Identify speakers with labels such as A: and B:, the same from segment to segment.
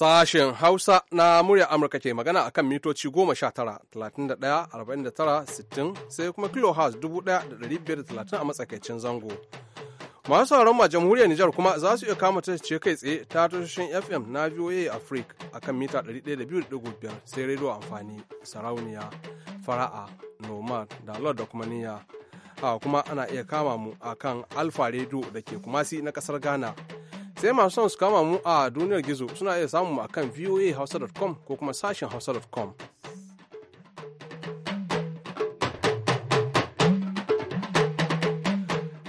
A: Sashen Hausa na murya Amurka ke magana a kan mitoci goma 31 tara sai kuma da 1530 a matsakaicin zango. Masu sauran ma jamhuriyar Nijar kuma za su iya kama ce kai tsaye ta tashoshin FM na VOA Africa a kan mita 102.5 sai rediyo amfani sarauniya fara'a nomad da da kuma niyya. kuma ana iya kama mu a kan alfa da ke kumasi na kasar Ghana. sai masu son su kama mu a duniyar gizo suna iya samun mu akan voahausa.com ko kuma sashen hausa.com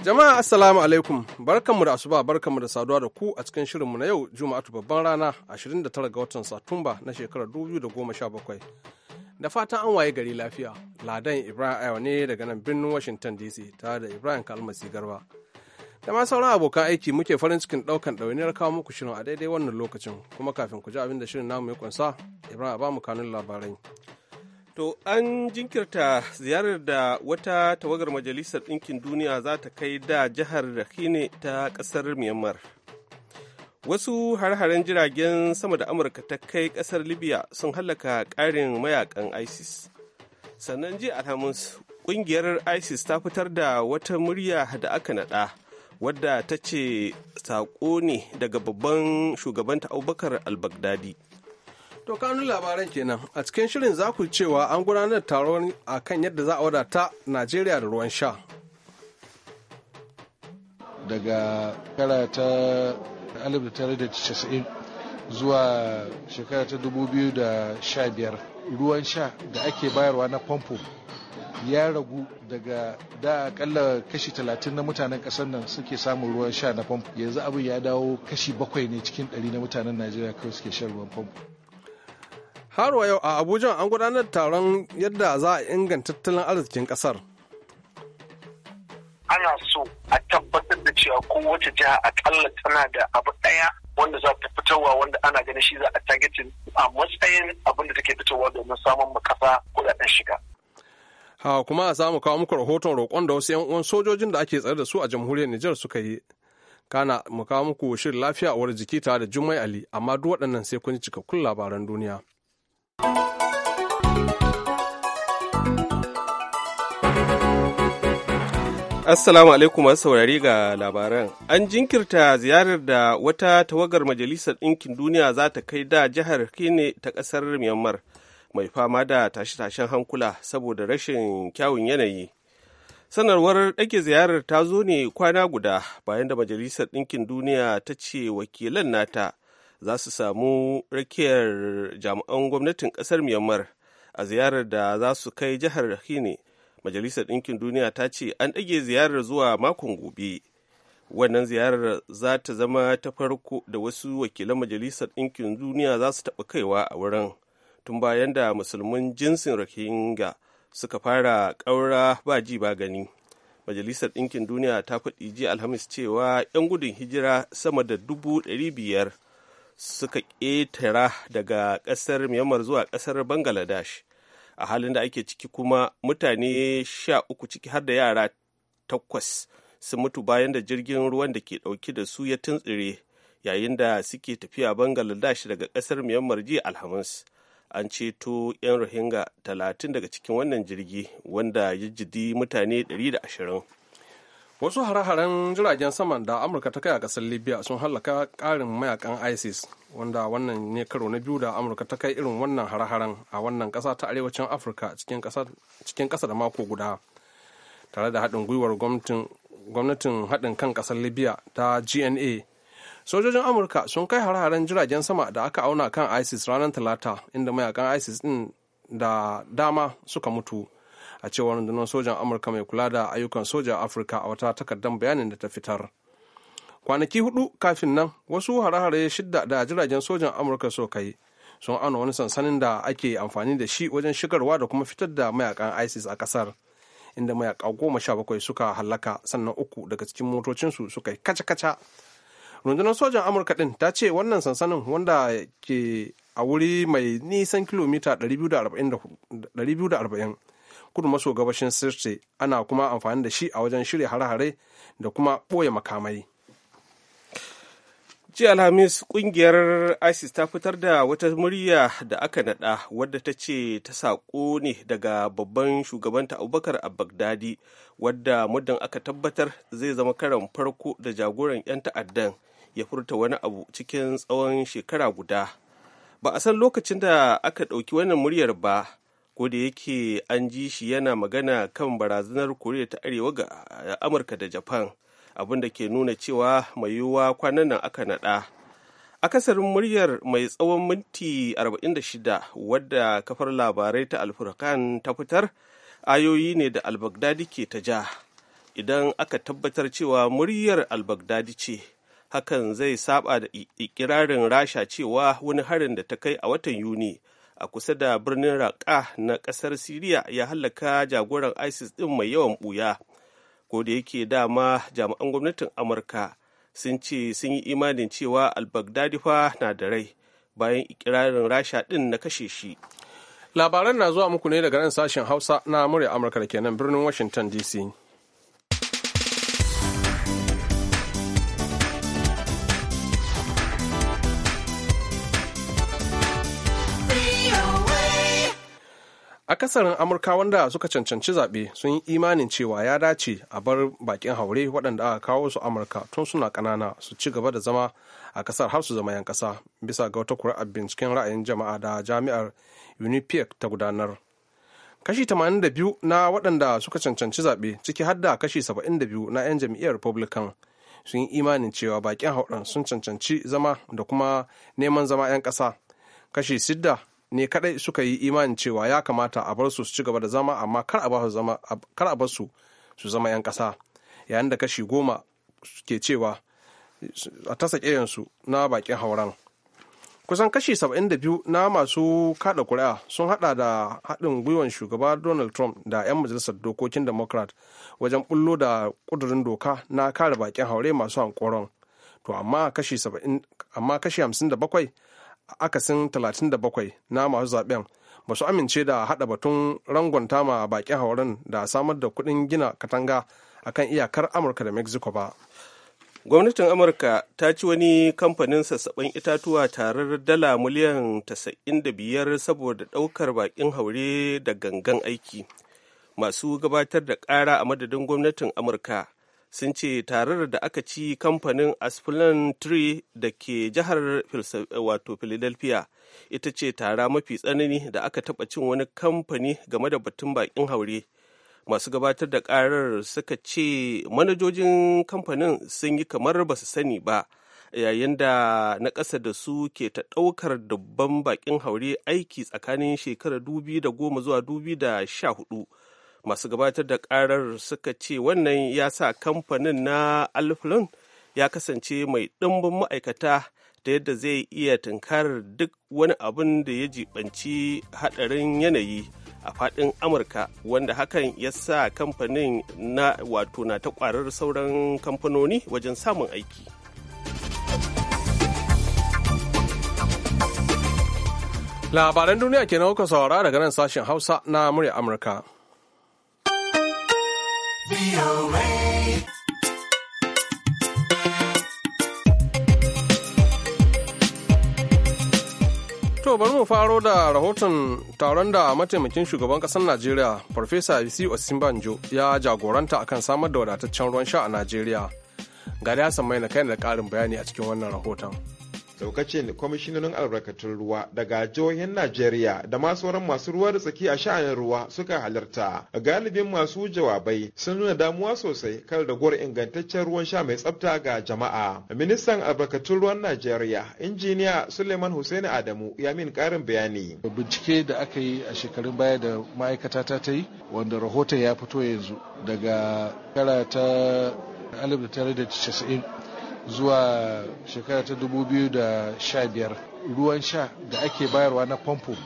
A: jama'a assalamu alaikum barkanmu da asuba barkanmu da saduwa da ku a cikin shirinmu na yau juma'atu babban rana 29 ga watan satumba na shekarar 2017 da fatan an waye gari lafiya ladan ibrahim ne daga nan birnin washington dc tare da ibrahim kalmasi garba da ma sauran abokan aiki muke farin cikin daukan ɗawainiyar kawo muku shirin a daidai wannan lokacin kuma kafin ku ji abin da shirin namu ya kunsa ibrahim ba mu kanun labarai to an jinkirta ziyarar da wata
B: tawagar majalisar ɗinkin duniya za ta kai da jihar rakhine ta ƙasar myanmar wasu har-haren jiragen sama da amurka ta kai kasar libya sun hallaka ƙarin mayakan isis sannan jiya alhamis ƙungiyar isis ta fitar da wata murya da aka naɗa wadda ta ce saƙo ne daga babban shugabanta abubakar al-baghdadi
A: to kanun labaran kenan a cikin shirin za ku cewa an gudanar taron a kan yadda za a wadata najeriya da
C: ruwan sha daga kara ta 1990 zuwa shekara ta 2015 ruwan sha da ake bayarwa na famfo ya ragu daga da akalla kashi talatin na mutanen kasar nan suke samun ruwan sha na famfo yanzu abin ya dawo kashi bakwai ne cikin ɗari na mutanen najeriya kawai suke shan ruwan famfo har
A: wa yau a abuja an gudanar da taron yadda za a inganta tattalin arzikin kasar
D: ana so a tabbatar da cewa kowace jiha akalla tana da abu ɗaya wanda za ta fitarwa wanda ana ganin shi za a targetin a matsayin abin da take fitarwa domin samun makasa kudaden shiga
A: ha kuma a samu kawo muku rahoton roƙon da wasu 'yan uwan sojojin da ake tsare da su a jamhuriyar Nijar suka yi. Kana mu kawo muku shirin lafiya a uwar jiki tare da Jummai Ali, amma duk waɗannan sai kun ji cikakkun labaran duniya.
B: Assalamu alaikum masu saurari ga labaran. An jinkirta ziyarar da wata tawagar Majalisar Ɗinkin Duniya za ta kai da jihar Kine ta ƙasar Myanmar. mai fama da tashe-tashen hankula saboda rashin kyawun yanayi sanarwar ɗage ziyarar ta zo ne kwana guda bayan da majalisar ɗinkin duniya ta ce wakilan nata za su samu rakiyar jami'an gwamnatin ƙasar myanmar a ziyarar da za su kai jihar rakhine majalisar ɗinkin duniya ta ce an ɗage ziyarar zuwa makon gobe wannan ziyarar za ta zama ta farko da wasu wakilan majalisar ɗinkin duniya za su taɓa kaiwa a wurin tun bayan da musulmin jinsin rohingya suka fara ƙaura ba ji ba gani majalisar ɗinkin duniya ta faɗi ji alhamis cewa 'yan gudun hijira sama da dubu ɗari biyar suka ƙetara daga ƙasar myanmar zuwa ƙasar bangladesh a halin da ake ciki kuma mutane sha uku ciki har da yara takwas sun mutu bayan da jirgin ruwan da ke ɗauki da su ya tuntsire yayin da suke tafiya bangaladesh daga ƙasar myanmar ji alhamis an ceto 'yan rohingya 30 daga cikin wannan jirgi wanda ya jidi mutane
A: 120 wasu hare-haren jiragen saman da amurka ta kai a kasar libya sun hallaka karin mayakan isis wanda wannan ne karo na biyu da amurka ta kai irin wannan hare a wannan kasa ta arewacin afirka cikin kasa da mako guda tare da haɗin gwiwar gwamnatin haɗin kan kasar libya ta gna sojojin amurka sun kai hare-haren jiragen sama da aka auna kan isis ranar talata inda mayakan isis din da dama suka mutu a cewar rundunar sojan amurka mai kula da ayyukan soja afirka a wata takardar bayanin da ta fitar kwanaki hudu kafin nan wasu hare-hare shidda da jiragen sojan amurka so kai sun auna wani sansanin da ake amfani da shi wajen shigarwa da kuma fitar da mayakan isis a kasar inda mayaka goma sha bakwai suka halaka sannan uku daga cikin motocinsu suka yi kaca-kaca rundunar sojan amurka din ta ce wannan sansanin wanda ke a wuri mai nisan kilomita 240 kudu maso gabashin sirte ana kuma amfani da shi a wajen shirya hare-hare da kuma ɓoye makamai jiya alhamis kungiyar isis ta fitar da wata murya da aka nada
B: wadda ta ce ta saƙo ne daga babban shugabanta abubakar a bagdadi wadda muddin aka tabbatar zai zama karan farko da jagoran 'yan ta'addan ya furta wani abu cikin tsawon shekara guda ba a san lokacin da aka ɗauki wannan muryar ba ko da yake an ji shi yana magana kan barazanar koriya ta arewa ga amurka da japan abin da ke nuna cewa mai yiwuwa kwanan nan aka naɗa akasarin muryar mai tsawon minti 46 wadda kafar labarai ta alfurkan ta fitar ayoyi ne da albagdadi ke ta ja idan aka tabbatar cewa muryar albagdadi ce hakan zai saba da ikirarin rasha cewa wani harin da ta kai a watan yuni a kusa da birnin raƙa na ƙasar siriya ya hallaka jagoran isis ɗin mai yawan ɓuya ko da yake dama jami'an gwamnatin amurka sun ce sun yi imanin cewa al-baghdadi fa na da rai bayan ikirarin rasha ɗin na kashe shi
A: labaran na zuwa muku ne daga nan sashen hausa na murya amurka da kenan birnin washington dc akasarin amurka wanda suka cancanci zaɓe sun yi imanin cewa ya dace a bar bakin haure waɗanda aka kawo su amurka tun suna ƙanana su ci gaba da zama a ƙasar har su zama 'yan ƙasa bisa ga wata kuri'ar binciken ra'ayin jama'a da jami'ar unipiek ta gudanar kashi 82 na waɗanda suka cancanci zaɓe ciki har da kashi 72 na 'yan jam'iyyar republican sun yi imanin cewa bakin hauren sun cancanci zama da kuma neman zama 'yan ƙasa kashi sidda ne kadai suka yi imanin cewa ya kamata a bar su su ci gaba da zama amma kar a bar su su zama 'yan ƙasa yayin da kashi goma ke cewa a tasa ƙeyansu na bakin hauran kusan kashi 72 na masu kada kuri'a sun hada da haɗin gwiwan shugaba donald trump da 'yan majalisar dokokin democrat wajen bullo da ƙudurin doka na kare bakin haure masu hankoron to amma kashi 57 akasin 37 na masu zaben ba su amince da hada batun rangonta ma bakin hauren da samar da kuɗin gina katanga akan iyakar amurka da mexico ba gwamnatin amurka ta ci
B: wani kamfanin sassaɓen itatuwa tarar dala miliyan 95 saboda ɗaukar bakin haure da gangan aiki masu gabatar da ƙara a madadin gwamnatin amurka sun ce tarar da aka ci kamfanin asplen tree da ke jihar wato philadelphia ita ce tara mafi tsanani da aka taba cin wani kamfani game da batun bakin haure masu gabatar da karar suka ce manajojin kamfanin sun yi kamar ba su sani ba yayin da na ƙasa da su ke ta ɗaukar dubban bakin haure aiki tsakanin shekarar 2010 zuwa 2014 masu gabatar da karar suka ce wannan ya sa kamfanin na alflin ya kasance mai ɗimbin ma'aikata da yadda zai iya tunkarar duk wani abin da ya jibanci haɗarin yanayi a faɗin amurka wanda hakan ya sa kamfanin na wato na ta ƙwarar sauran kamfanoni wajen samun aiki
A: labaran duniya kenan kuka saurara daga nan sashen hausa na murya amurka
E: To bari
A: mu faro da rahoton taron da mataimakin shugaban kasar Najeriya Farfesa Isi Osinbanjo ya jagoranta akan samar da wadataccen ruwan sha a Najeriya. Ga ya mai na kai da ƙarin bayani a cikin wannan rahoton.
F: daukacin kwamishinan albarkatun ruwa daga jihohin najeriya da ma sauran masu ruwa da tsaki a sha'anin ruwa suka halarta galibin masu jawabai sun nuna damuwa sosai kan ragowar ingantaccen ruwan sha mai tsafta ga jama'a ministan albarkatun ruwan najeriya injiniya suleiman hussein adamu ya min karin bayani bincike
C: da aka yi a shekarun baya da ma'aikata ta ta yi wanda rahoton ya fito yanzu daga kara ta 1990 zuwa shekara ta 2015 ruwan sha da ake bayarwa na famfo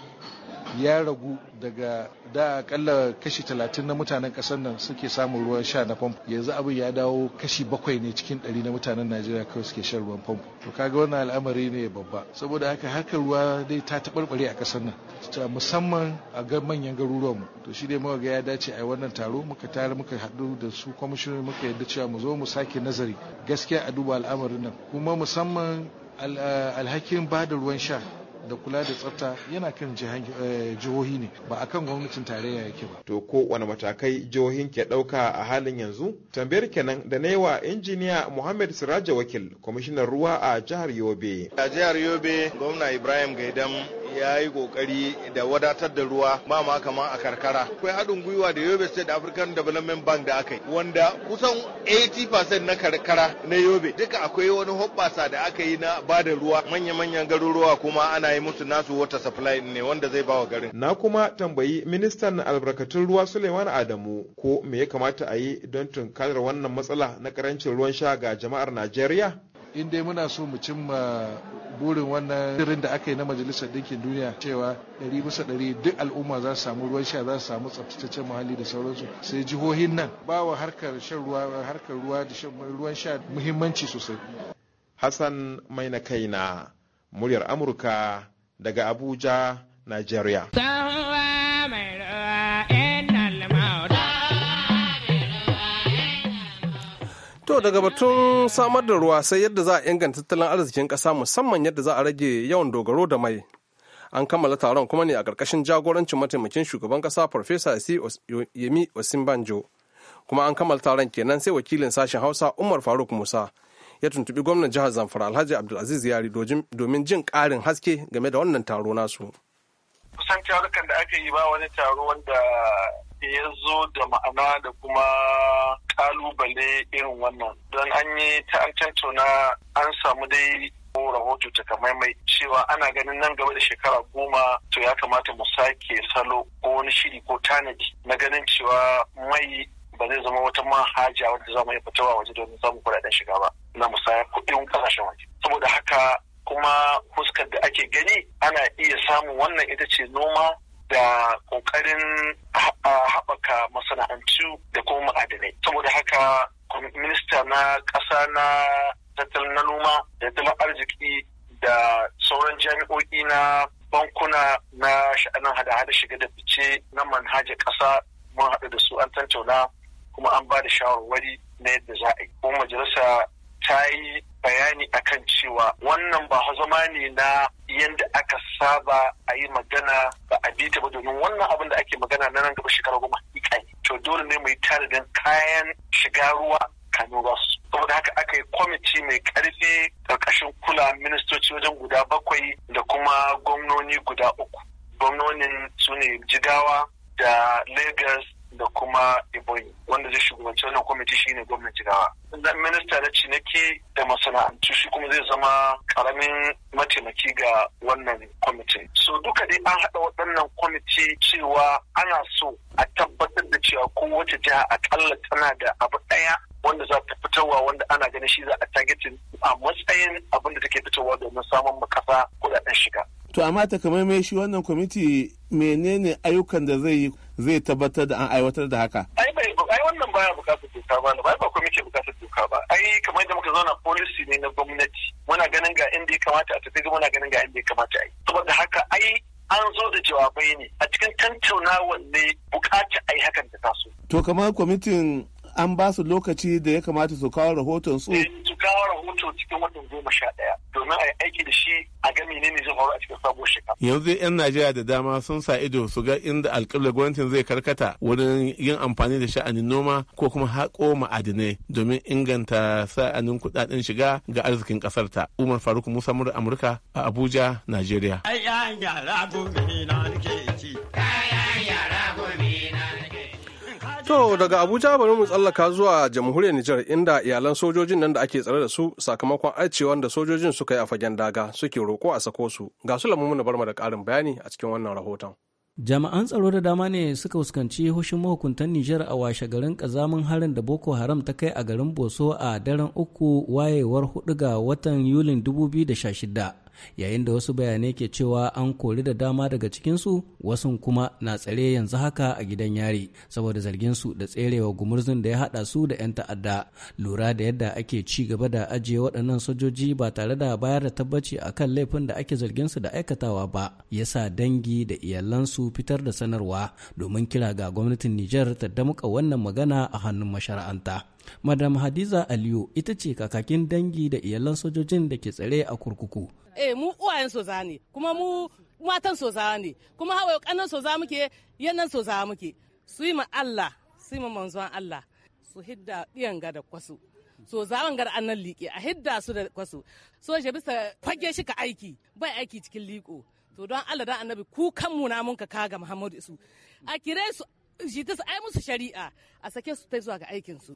C: ya ragu daga da akalla kashi talatin na mutanen kasar nan suke samun ruwan sha na famfo yanzu abin ya dawo kashi bakwai ne cikin ɗari na mutanen najeriya kawai suke shan ruwan famfo to kaga wannan al'amari ne babba saboda haka haka ruwa dai ta taɓarɓare a kasar nan musamman a ga manyan garuruwan mu to shi dai muka ga ya dace a wannan taro muka tare muka haɗu da su kwamishinoni muka yadda cewa mu zo mu sake nazari gaskiya a duba al'amarin nan kuma musamman alhakin ba da ruwan sha da kula da tsafta yana kan eh, jihohi ne ba a kan gwamnatin tarayya yake ba.
F: To ko wani matakai jihohin ke ɗauka a halin yanzu? Tambayar kenan da na yi injiniya Muhammad Siraja Wakil, kwamishinan ruwa a jihar Yobe. A jihar Yobe, gwamna Ibrahim Gaidam ya yi ƙoƙari da wadatar da ruwa ma ma kamar a karkara. Akwai haɗin gwiwa da Yobe State African Development Bank da aka yi wanda kusan 80% na karkara na Yobe duka akwai wani hoɓɓasa da aka yi na ba da ruwa manya-manyan garuruwa kuma ana yi musu nasu water supply ne wanda zai bawa garin. Na kuma tambayi ministan albarkatun ruwa Suleiman Adamu ko me ya kamata a yi don tunkarar wannan matsala na karancin ruwan sha ga jama'ar Najeriya? in dai muna so mu
C: cimma burin wannan shirin da aka yi na majalisar ɗinkin duniya cewa ɗari bisa ɗari duk al'umma za su samu ruwan sha za su samu tsaftataccen muhalli da sauransu sai jihohin nan ba wa harkar shan ruwa da ruwan sha muhimmanci sosai. Hassan
F: mai na kai na muryar Amurka daga Abuja, Nigeria.
A: To daga batun samar da ruwa sai yadda za a inganta tattalin arzikin kasa musamman yadda za a rage yawan dogaro da mai. An kammala taron kuma ne a ƙarƙashin jagorancin mataimakin shugaban ƙasa Farfesa c Yemi Osinbanjo. Kuma an kammala taron kenan sai wakilin sashen Hausa Umar Faruk Musa ya tuntuɓi gwamnan jihar Zamfara Alhaji Abdulaziz Yari domin jin ƙarin haske game da wannan taro nasu.
D: Kusan tarukan da aka yi ba wani taro wanda ya zo da ma'ana da kuma kalubale irin wannan don an yi ta an tattauna an samu dai rahoto ta mai cewa ana ganin nan gaba da shekara goma to ya kamata mu sake salo ko wani shiri ko tanadi na ganin cewa mai ba zai zama wata manhaja wadda za mu yi fitowa waje domin samun kuɗaɗen shiga ba na musayar kuɗin ƙasashen waje saboda haka kuma fuskar da ake gani ana iya samun wannan ita ce noma da ƙoƙarin haɓaka masana'antu da kuma ma'adanai saboda haka minista na ƙasa na tattalin na noma da tattalin arziki da sauran jami'o'i na bankuna na sha'anin hada-hada shiga da fice na manhajar ƙasa mun haɗu da su an tantauna kuma an ba da shawarwari na yadda za a yi kuma majalisa ta yi bayani a kan cewa wannan ba zama ne na yadda aka saba a yi magana ba a bita ba domin wannan abin da ake magana na nan gaba shekara goma hakika ne to dole ne mai tanadin kayan shiga ruwa kano ba su saboda haka aka yi kwamiti mai karfi karkashin kula ministoci wajen guda bakwai da kuma gwamnoni guda uku gwamnonin su ne jigawa da lagos da kuma Ebonyi wanda zai shugabanci wannan kwamiti shine gwamnan Jigawa. Sannan minista na ciniki da masana'antu shi kuma zai zama karamin mataimaki ga wannan kwamiti. So duka dai an haɗa waɗannan kwamiti cewa ana so a tabbatar da cewa kowace jiha akalla tana da abu ɗaya wanda za ta fitarwa wanda ana ganin shi za a targetin a matsayin abin da take fitarwa domin samun makasa kudaden shiga.
B: to amma mai shi wannan kwamiti menene ayyukan da zai yi zai tabbatar da an aiwatar da haka
D: ai bai wannan baya bukatar doka ba ba ba kwamiti bukatar doka ba ai kamar da muka zauna policy ne na gwamnati muna ganin ga inda ya kamata a tafi muna ganin ga inda ya kamata a yi saboda haka ai an zo da jawabai ne a cikin tattaunawar ne bukatar ai yi hakan da taso.
B: To kamar kwamitin an ba su lokaci da ya kamata su kawo rahoton su eh,
D: su kawo rahoto cikin watan goma sha ɗaya domin a yi aiki da shi a ga ne zai faru a cikin sabuwar shekara
B: yanzu yan najeriya da dama sun sa ido su ga inda alƙiblar gwamnatin zai karkata wurin yin amfani da sha'anin noma ko kuma haƙo ma'adinai domin inganta sa'anin kuɗaɗen shiga ga arzikin ƙasar ta umar faruk musa amurka a abuja najeriya
F: ai ya na ke ci
A: To daga Abuja bari mu tsallaka zuwa jamhuriyar Nijar inda iyalan sojojin nan da ake tsare da su sakamakon aicewa da sojojin suka yi a fagen daga suke roko a sako su. Ga su lamu na mu da ƙarin bayani a cikin wannan rahoton.
G: Jami'an tsaro da dama ne suka fuskanci hushin mahukuntan Nijar a washe garin kazamin harin da Boko Haram ta kai a garin Boso a daren uku wayewar hudu ga watan Yulin 2016. yayin da wasu bayanai ke cewa an kori da dama daga cikinsu wasu kuma na tsare yanzu haka a gidan yari saboda zarginsu da tserewa gumurzun da ya hada su da 'yan ta'adda lura da yadda ake ci gaba da ajiye waɗannan sojoji ba tare da bayar da tabbaci a kan laifin da ake zargin su da aikatawa ba ya sa dangi da iyalansu fitar da sanarwa domin kira ga gwamnatin Nijar ta damuka wannan magana a hannun mashara'anta. Madam Hadiza Aliyu ita ce kakakin dangi da iyalan sojojin da ke tsare a kurkuku. eh mu uwayen soza ne kuma mu matan soza ne kuma hawaye kanan soza muke yanan soza muke su yi ma Allah su yi ma manzon Allah su hidda ɗiyan gada kwasu so zaben gar annan liƙe a hidda su da kwasu so je bisa fage shi ka aiki bai aiki cikin liƙo to don Allah dan annabi ku kan mu ka kaga Muhammadu Isu a kire su shi ta ai musu shari'a a sake su ta zuwa ga aikin su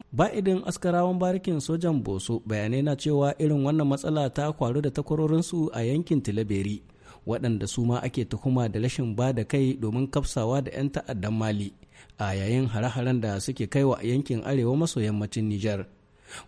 G: askarawan barikin sojan boso bayanai na cewa irin wannan matsala ta kwaru da takwarorin su a yankin tilaberi waɗanda su ma ake tuhuma da rashin ba da kai domin kafsawa da 'yan ta'addan mali a yayin hare-haren da suke kaiwa a yankin arewa maso yammacin nijar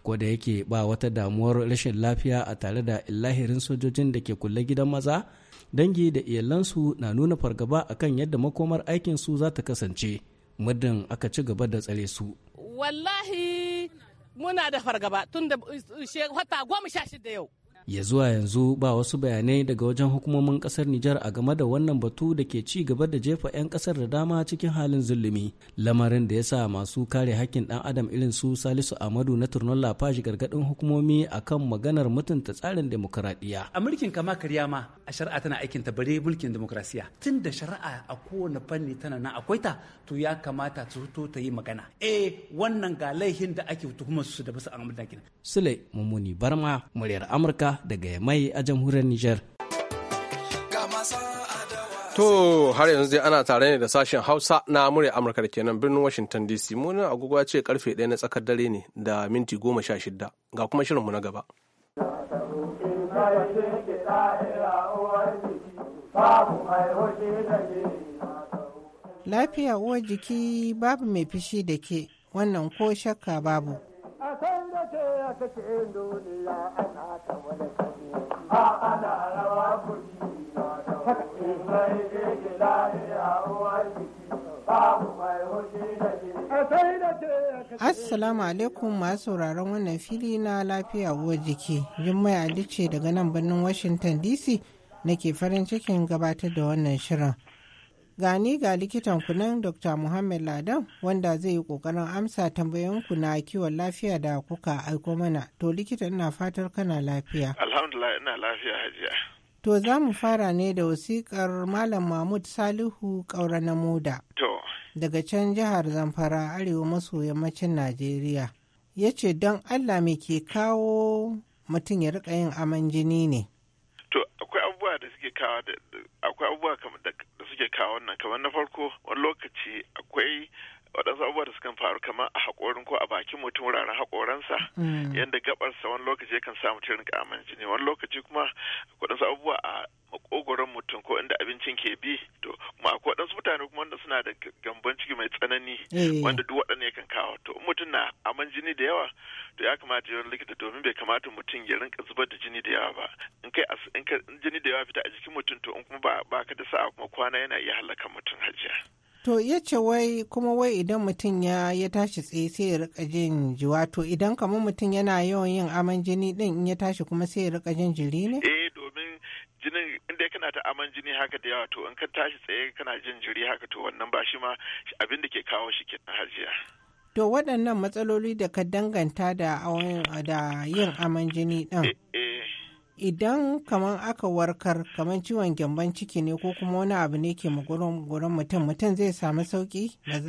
G: ko da yake ba wata damuwar rashin lafiya a tare da illahirin sojojin da ke kulle gidan maza dangi da iyalansu na nuna fargaba akan yadda makomar aikinsu za ta kasance muddin aka ci gaba da tsare su wallahi muna da fargaba tun da eh, wata goma sha shida yau ya zuwa yanzu ba wasu bayanai daga wajen hukumomin kasar Nijar a game da wannan batu da ke ci gaba da jefa 'yan kasar da dama cikin halin zulumi lamarin da ya sa masu kare hakkin dan adam irin su Salisu Amadu na turnon lafashi gargadin hukumomi kan maganar mutunta tsarin demokuraɗiyya. A mulkin kama karya ma a shari'a tana aikin ta bare mulkin demokrasiya tun da shari'a a kowane fanni tana na akwai ta to ya kamata ta fito ta yi magana. Eh wannan ga laihin da ake tuhumar su da basu an Sule Barma muryar Amurka daga Yamai a jamhuriyar Nijar. To har yanzu dai
A: ana tare ne da sashen Hausa na murya Amurka da kenan birnin Washington DC. Munin agogo ce karfe ɗaya na tsakar dare ne da minti goma sha shida ga kuma shirin mu na gaba.
H: Lafiya uwar jiki babu mai fishi da ke wannan ko shakka babu.
D: duniya ce duniya ana ta wani kare ana rawa kuri na da wuri mai gidi lahiya uwar jiki babu mai hoji da jini Assalamu
H: alaikum masu sauraron wannan fili na lafiya uwar jiki. Jummai Ali ce daga nan birnin Washington DC nake farin cikin gabatar da wannan shirin. gani ga likitan kunan dr muhammad ladan wanda zai yi kokarin amsa tambayanku na kiwon lafiya da kuka aiko mana to likita ina fatar kana lafiya
E: alhamdulillah ina lafiya hajiya
H: to za mu fara ne da wasiƙar malam mahmud salihu ƙaura na moda daga can jihar zamfara arewa maso yammacin najeriya ya ce don allah me ke kawo mutum ya rika yin aman jini ne
E: to akwai abubuwa da suke kawo akwai abubuwa suke kawo wannan kamar na farko wani lokaci akwai waɗansu abubuwa da sukan faru kamar a haƙorin ko a bakin mutum wuraren haƙoransa mm. yadda gabarsa wani lokaci kan sa mutum rinka aman jini wani lokaci kuma waɗansu abubuwa a makogoron mutum ko inda abincin ke bi to kuma akwai waɗansu mutane kuma wanda suna da gamban ciki mai tsanani eh. wanda duk waɗanne yakan kawo to in mutum na aman jini da yawa to ya kamata yawan likita domin bai kamata mutum ya rinka zubar da jini da yawa ba in kai in jini da yawa fita a jikin mutum to in kuma ba ka da sa'a kuma kwana yana iya halaka mutum hajiya
H: To ya ce wai kuma wai idan mutum ya ya tashi tsaye sai ya rika jin jiwa to idan kamar mutum yana yawan yin aman jini din in ya tashi kuma sai ya rika jin jiri ne?
E: Eh domin jinin inda kana ta aman jini haka da yawa to in ka tashi tsaye kana jin jiri haka to wannan ba shi ma abin da ke kawo shi kenan hajiya.
H: To waɗannan matsaloli da ka danganta da yin aman jini din. Eh, idan kamar aka warkar kamar ciwon gyamban ciki ne ko kuma wani abu ne ke magurin mutum mutum zai samu sauki
E: eh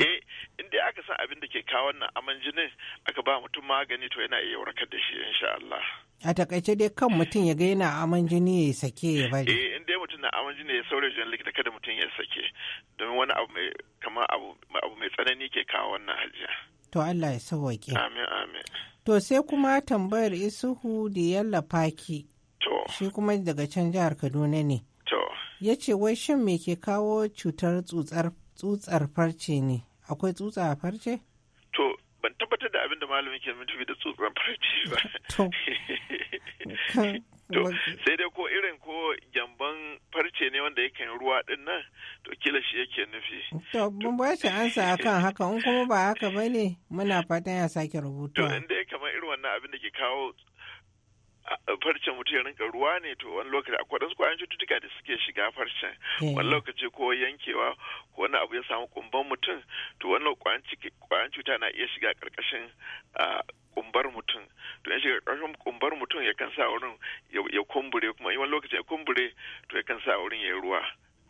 E: inda aka san abin da ke kawo wannan aman jinin aka ba mutum magani to yana iya warkar da shi insha Allah
H: a takaice dai kan mutum ya ga yana aman jini ya sake ya bari eh
E: inda mutum na aman jini ya saurayi jin likita kada mutum ya sake Don wani abu mai kamar abu mai tsanani ke kawo wannan hajiya
H: to Allah ya sauke
E: amin amin
H: to sai kuma tambayar isuhu da yallafa ki Shi kuma daga can jihar Kaduna ne. Ya ce wai shin me ke kawo cutar tsutsar farce ne? Akwai tsutsa a farce? To,
E: ban tabbatar da abin da malamin ke nufi da tsutsar farce ba. To. sai dai ko irin ko gyamban farce ne wanda yake ruwa din nan, to kila shi yake nufi.
H: To, mun ba shi ansa akan haka, in kuma ba haka ba ne, muna fatan ya sake rubutu.
E: To, inda ya kamar irin wannan abin da ke kawo farcen mutum ya rinka ruwa ne to wani lokaci a wasu kwayan cututtuka da suke shiga farcen hmm. wani lokaci ko yankewa ko wani abu ya samu kumban mutum to wani kwayan cuta na iya shiga karkashin kumbar mutum to in shiga karkashin kumbar mutum ya kan sa wurin ya kumbure kuma yi wani lokaci ya kumbure to ya kan sa wurin ya yi ruwa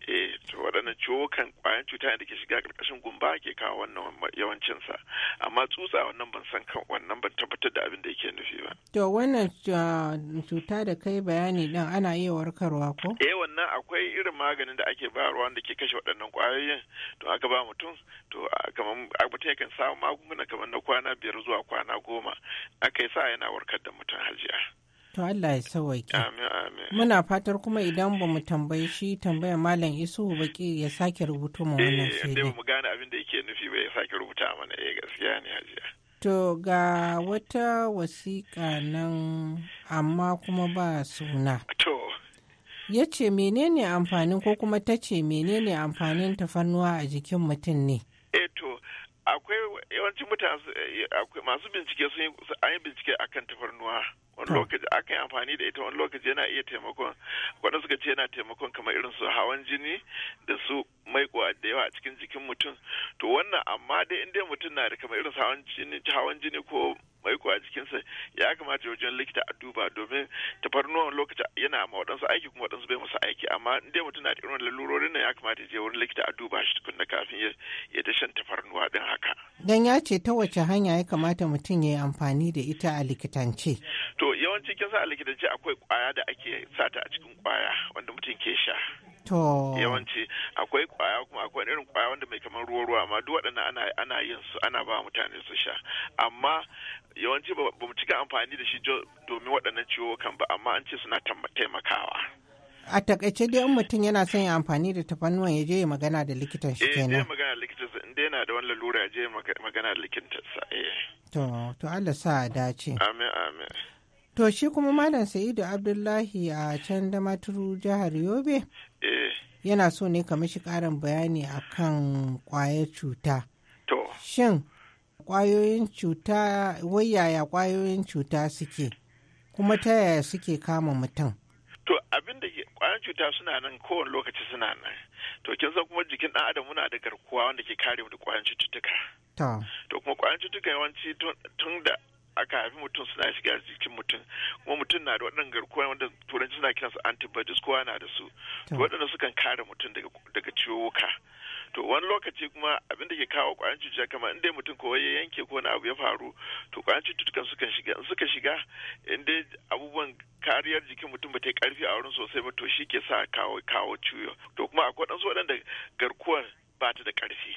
E: eh waɗannan ciwokan ƙwayan cuta da ke shiga ƙarƙashin gumba ke kawo wannan yawancinsa amma tsutsa wannan ban san kan wannan ban tabbatar da abin da yake nufi ba
H: to wannan ah, cuta da kai bayani din ana iya warkarwa ko
E: eh wannan akwai irin maganin da ake bayarwa wanda ke kashe waɗannan ƙwayoyin to aka ba mutum to ah, kamar mutum yakan samu magunguna kamar na kwana biyar zuwa kwana goma aka yi sa yana warkar da mutum hajiya
H: To Allah ya sawaike. Amin amin. Muna fatar kuma idan ba mu tambayi shi tambaya Malam Isu baki ya sake rubuta mu wannan eh, sai. Eh,
E: mu gane abin da yake nufi ba ya sake rubuta mana eh gaskiya ne hajiya.
H: To ga wata wasiƙa nan amma kuma ba suna. To. Ya ce menene amfanin ko kuma ta ce menene amfanin tafarnuwa a jikin mutum ne?
E: Eh to akwai yawancin mutane eh, masu bincike sun yi bincike akan tafarnuwa wani lokaci aka yi amfani da ita wani lokaci yana iya taimakon wadanda suka ce yana taimakon kamar irin su hawan jini da su maiko da yawa a cikin jikin mutum to wannan amma dai inda mutum na da kamar irin hawan jini ko mai kuwa jikinsa ya kamata wajen likita a duba domin tafarnuwan lokaci yana ma waɗansu aiki kuma waɗansu bai musu aiki amma in dai mutum na da irin lalurorin nan ya kamata je wurin likita a duba shi tukunna kafin ya ta shan tafarnuwa din haka.
H: Dan ya ce ta wace hanya ya kamata mutum ya yi amfani da ita a likitance.
E: To yawanci kin sa a likitance akwai kwaya da ake sata a cikin kwaya wanda mutum ke sha. Yawanci akwai kwaya kuma akwai irin kwaya wanda mai kamar ruwa-ruwa amma duk waɗannan ana yin su ana ba mutane su sha. Amma yawanci ba mu cika amfani da shi domin waɗannan ciwokan ba amma an ce suna taimakawa.
H: a takaice dai in mutum yana son ya amfani da tafannuwan ya je ya magana da likitan shi kenan. Eh, je
E: magana da likitan sa, inda yana da wani lalura ya je ya magana da likitan Eh.
H: To, to Allah sa a dace.
E: Amin, amin.
H: To shi kuma Malam Sa'idu Abdullahi a can da maturu jihar Yobe Eh. yana so ne ka mishi ƙarin bayani a kan ƙwayar cuta to shin kwayoyin cuta wai yaya ƙwayoyin cuta suke kuma ta yaya suke kama mutum to abin da ƙwayoyin cuta suna nan kowane
E: lokaci suna nan to kin san kuma jikin ɗan adam muna da garkuwa wanda ke kare mu da ƙwayoyin cututtuka to kuma ƙwayoyin cututtuka yawanci tun da aka haifi mutum suna shiga jikin mutum kuma mutum na da waɗannan garkuwa wanda turanci suna kiransu antibodies kowa na da su waɗanda sukan kare mutum daga ciwuka to wani lokaci kuma abin da ke kawo kwayan cuta kama in dai mutum ko ya yanke ko wani abu ya faru to kwayan cututtukan sukan shiga in suka shiga in dai abubuwan kariyar jikin mutum ba ta yi karfi a wurin sosai ba to shi ke sa kawo kawo ciwo to kuma akwai ɗansu waɗanda garkuwar ba ta da karfi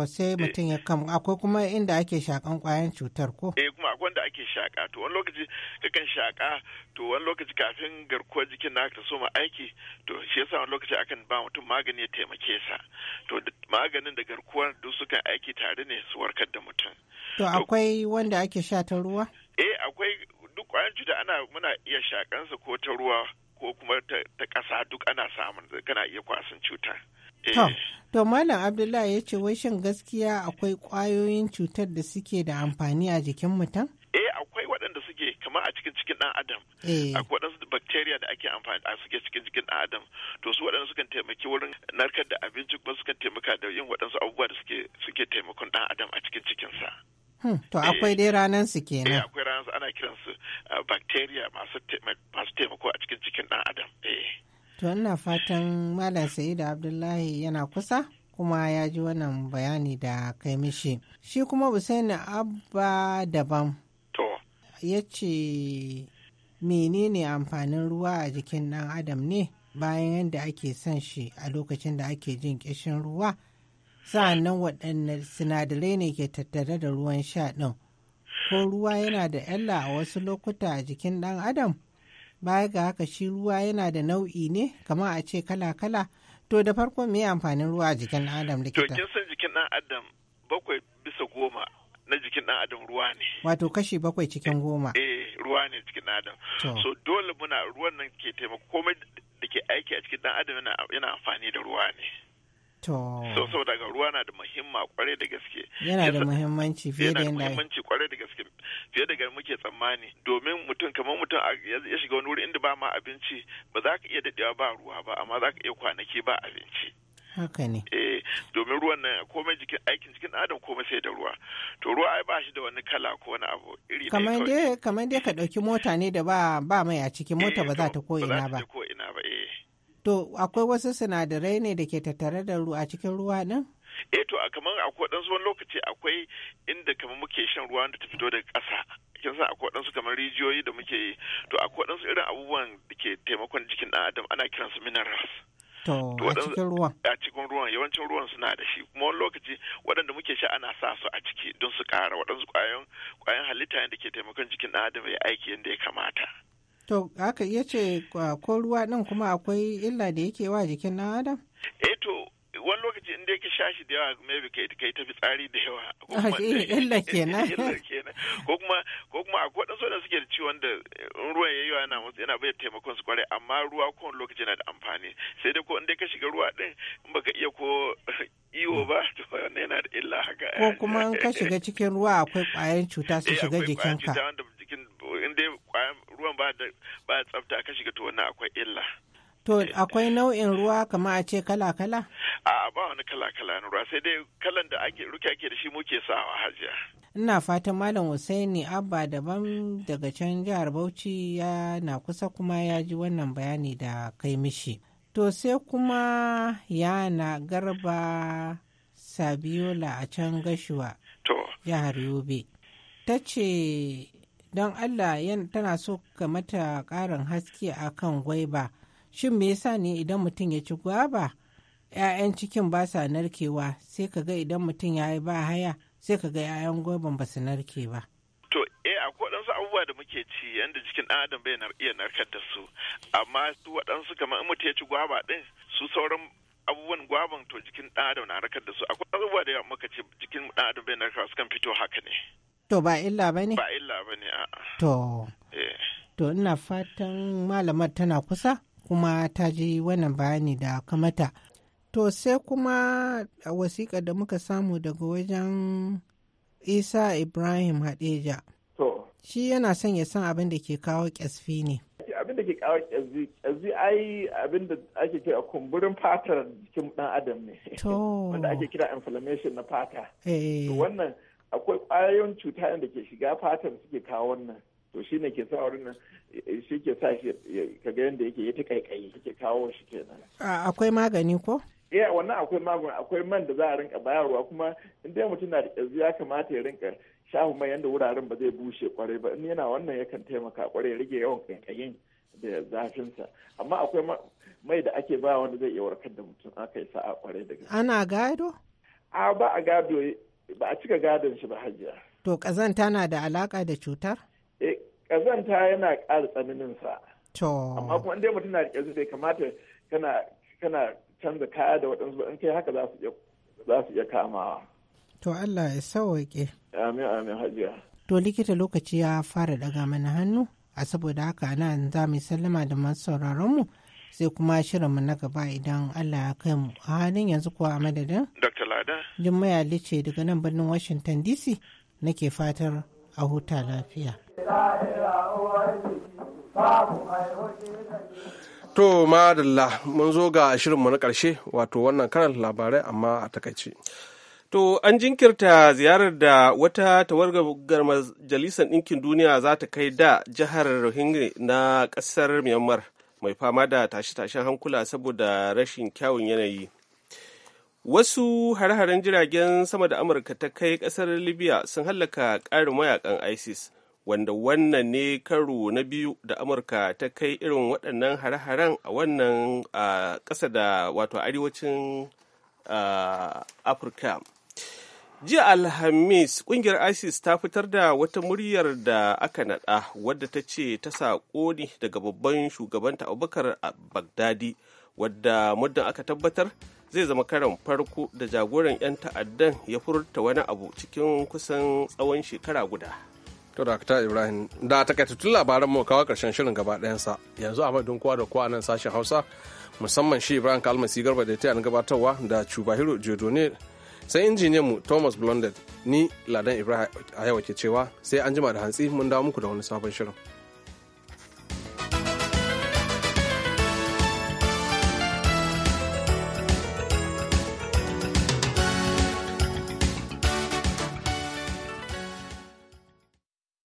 H: to sai eh. mutum ya kam akwai kuma inda ake shakan kwayan cutar
E: ko eh kuma akwai wanda ake shaka to wani lokaci kakan shaka to wani lokaci kafin garkuwar jikin na ta soma aiki to shi yasa wani lokaci akan ba mutum magani ya taimake sa to maganin da garkuwar duk sukan aiki tare ne su warkar da mutum
H: to akwai wanda ake sha ta ruwa
E: eh akwai duk kwayan cuta ana muna iya shakansa ko ta ruwa ko kuma ta ƙasa duk ana samun kana iya kwasan cutar Eh.
H: To Malam Abdullahi ya ce wai shan gaskiya akwai ƙwayoyin cutar da suke da amfani a jikin
E: mutum? Eh akwai waɗanda suke kamar a cikin cikin ɗan adam. Eh. Akwai waɗansu bacteria da ake amfani a suke cikin cikin ɗan adam. To su waɗanda sukan taimaki wurin narkar da abinci kuma sukan taimaka da yin waɗansu abubuwa da suke suke taimakon ɗan adam a cikin cikinsa.
H: Hmm, to akwai eh. dai ranar
E: su kenan. Eh akwai ranar su ana kiransu ah, bacteria masu taimako a cikin cikin ɗan adam. Eh.
H: To ina fatan Malam Sa'idu Abdullahi yana kusa kuma ya ji wannan bayani da kai mishi. Shi kuma Usaini Abba daban. To. Ya ce menene amfanin ruwa a jikin ɗan adam ne bayan yadda ake son shi a lokacin da ake jin ƙishin ruwa sa'annan waɗanne sinadarai ne ke tattare da ruwan sha ɗin. Ko ruwa yana da ƴalla a wasu lokuta a jikin ɗan adam? baya ga haka shi ruwa yana da nau'i ne kamar a ce kala-kala to da farko me amfanin ruwa a jikin ɗan adam likita to kin
E: san jikin ɗan adam bakwai bisa goma na jikin ɗan adam ruwa ne
H: wato kashi bakwai cikin goma
E: eh ruwa ne jikin ɗan adam so dole muna ruwan nan ke taimako komai da ke aiki a cikin ɗan adam yana amfani da ruwa ne
H: So so
E: daga ruwa na da muhimma kwarai da gaske. Yana da
H: muhimmanci fiye da Yana da muhimmanci
E: kwarai da gaske fiye da muke tsammani domin mutum kamar mutum ya shiga wani wuri inda ba ma abinci ba za ka iya daɗewa ba ruwa ba amma za ka iya kwanaki ba abinci. haka ne eh domin ruwan nan komai jikin aikin jikin adam komai sai da ruwa to ruwa ai ba shi da wani kala ko wani abu iri kamar dai
H: kamar dai ka dauki mota ne da ba ba mai a ciki mota ba za ta ko ina ba ba za ta
E: ko ina ba eh
H: To akwai wasu sinadarai ne da ke tattare da ruwa a cikin ruwa nan.
E: Eh to a kamar akwai ɗansu wani lokaci akwai inda kamar muke shan ruwa da ta fito daga ƙasa. Kin san akwai ɗansu kamar rijiyoyi da muke yi. To akwai ɗansu irin abubuwan da ke taimakon jikin ɗan adam ana kiransu minerals.
H: To, a cikin ruwan?
E: A cikin ruwan, yawancin ruwan suna da shi. Kuma wani lokaci waɗanda muke sha ana sa su a ciki don su ƙara waɗansu ƙwayoyin halitta da ke taimakon jikin ɗan adam ya aiki yadda ya kamata.
H: To, aka iya ce ko ruwa ɗin kuma akwai illa da yake wa jikin ɗan adam?
E: Eh to, wani lokaci inda yake sha shi da yawa maybe kai kai tafi tsari da yawa ah, eh, illa kenan ko kuma ko kuma akwai wadansu da suke da ciwon da ruwan yayi yawa yana musu yana bai taimakon su kware amma ruwa ko lokaci yana da amfani sai dai ko inda ka shiga ruwa ɗin in
H: baka iya ko iwo ba to wannan yana da illa haka ko kuma in ka shiga cikin ruwa akwai ƙwayar cuta su eh, shiga jikinka
E: cikin inda ruwan ba da tsafta ka shiga to wannan akwai illa
H: To akwai nau'in ruwa kamar a ce kala-kala?
E: A ba wani kala-kala na ruwa sai dai kalan da ake ruke ake da shi muke sawa hajiya.
H: Ina fatan Malam Hussaini Abba daban daga can jihar Bauchi ya na kusa kuma ya ji wannan bayani da kai mishi. To sai kuma yana garba Sabiola a can gashuwa. Jihar Yobe. Ta ce don Allah tana so ka mata ƙarin haske a kan gwaiba. Shin me yasa ne idan mutum ya ci gwaba? ‘Ya'yan cikin ba sa narkewa sai ka ga idan mutum ya yi ba haya sai ka ga ‘ya'yan gwaiban ba su narke ba.
E: To, eh a waɗansu abubuwa da muke ci yadda jikin ɗan adam bai iya narkar da su, amma su waɗansu kamar in mutum ya ci gwaba ɗin su sauran abubuwan gwaban to jikin ɗan adam na narkar da su akwai abubuwa da muka ce jikin ɗan adam bai narkar su kan fito haka ne.
H: To ba illa ba ne? Ba
E: illa ba ne To. Eh.
H: To ina fatan malamar tana kusa kuma ta ji wannan bayani da kamata. To sai kuma a wasiƙa da muka samu daga wajen Isa Ibrahim Hadeja. To. Shi yana son ya san abin da ke kawo ƙyasfi ne.
B: Abin da ke kawo ƙyasfi, ƙyasfi
E: ai abin da ake kira kumburin fatar jikin ɗan adam ne.
H: To. Wanda
E: ake kira inflammation na fata. Eh. To wannan akwai ƙwayoyin cuta da ke shiga fatar suke kawo wannan to shi ne ke sa wurin nan shi ke sa shi kaga yadda yake ya ta kaikayi yake kawo shi kenan
H: akwai magani ko
E: eh wannan akwai magani akwai man da za a rinka bayarwa kuma in dai mutum na da ƙirji ya kamata ya rinka shahu mai yadda wuraren ba zai bushe kwarai ba in yana wannan yakan taimaka kwarai ya rage yawan kankayin da zafinsa amma akwai mai da ake ba wanda zai iya warkar da mutum aka yi sa'a kwarai da gaske
H: ana gado
E: a ba a gado ba a cika gadon shi ba hajiya.
H: To ƙazanta na da alaƙa da cutar?
E: Eh ƙazanta yana ƙara tsananin sa.
H: To. Amma
E: kuma inda mutum na da sai kamata kana kana canza kaya da waɗansu in kai haka za su iya za su iya kamawa.
H: To Allah ya sauwaƙe.
E: Amin amin hajiya.
H: To likita lokaci ya fara daga mana hannu a saboda haka nan za mu sallama da masu sauraronmu sai kuma shirinmu na gaba idan Allah ya kai mu. A halin yanzu kuwa a madadin? Lada. Jummai Ali ce daga nan birnin Washington DC nake fatar a huta lafiya.
A: To madalla mun zo ga shirinmu na ƙarshe wato wannan karan labarai amma a takaice.
B: To an jinkirta ziyarar da wata tawargar majalisar ɗinkin duniya za ta kai da jihar Rohingya na ƙasar Myanmar mai fama da tashe-tashen hankula saboda rashin kyawun yanayi. wasu hare-haren jiragen sama da amurka ta kai kasar libya sun hallaka ƙarin mayakan isis wanda wannan ne karo na biyu da amurka ta kai irin waɗannan hare-haren a wannan ƙasa da wato arewacin afirka jiya alhamis ƙungiyar isis ta fitar da wata muryar da aka naɗa wadda ta ce ta saƙo ne daga babban shugabanta abubakar bagdadi wadda muddin aka tabbatar zai zama karan farko da jagoran
A: 'yan ta'addan ya furta wani abu cikin kusan tsawon shekara guda. To da Ibrahim, da takaitattun labaran mu kawo karshen shirin gaba ɗayansa yanzu a madun kowa da kowa nan sashen Hausa musamman shi Ibrahim Kalmasi Garba da ta gabatarwa da Chubahiro Jodone sai injiniyan mu Thomas Blondet ni Ladan Ibrahim a yau ke cewa sai an jima da hantsi mun dawo muku da wani sabon shirin.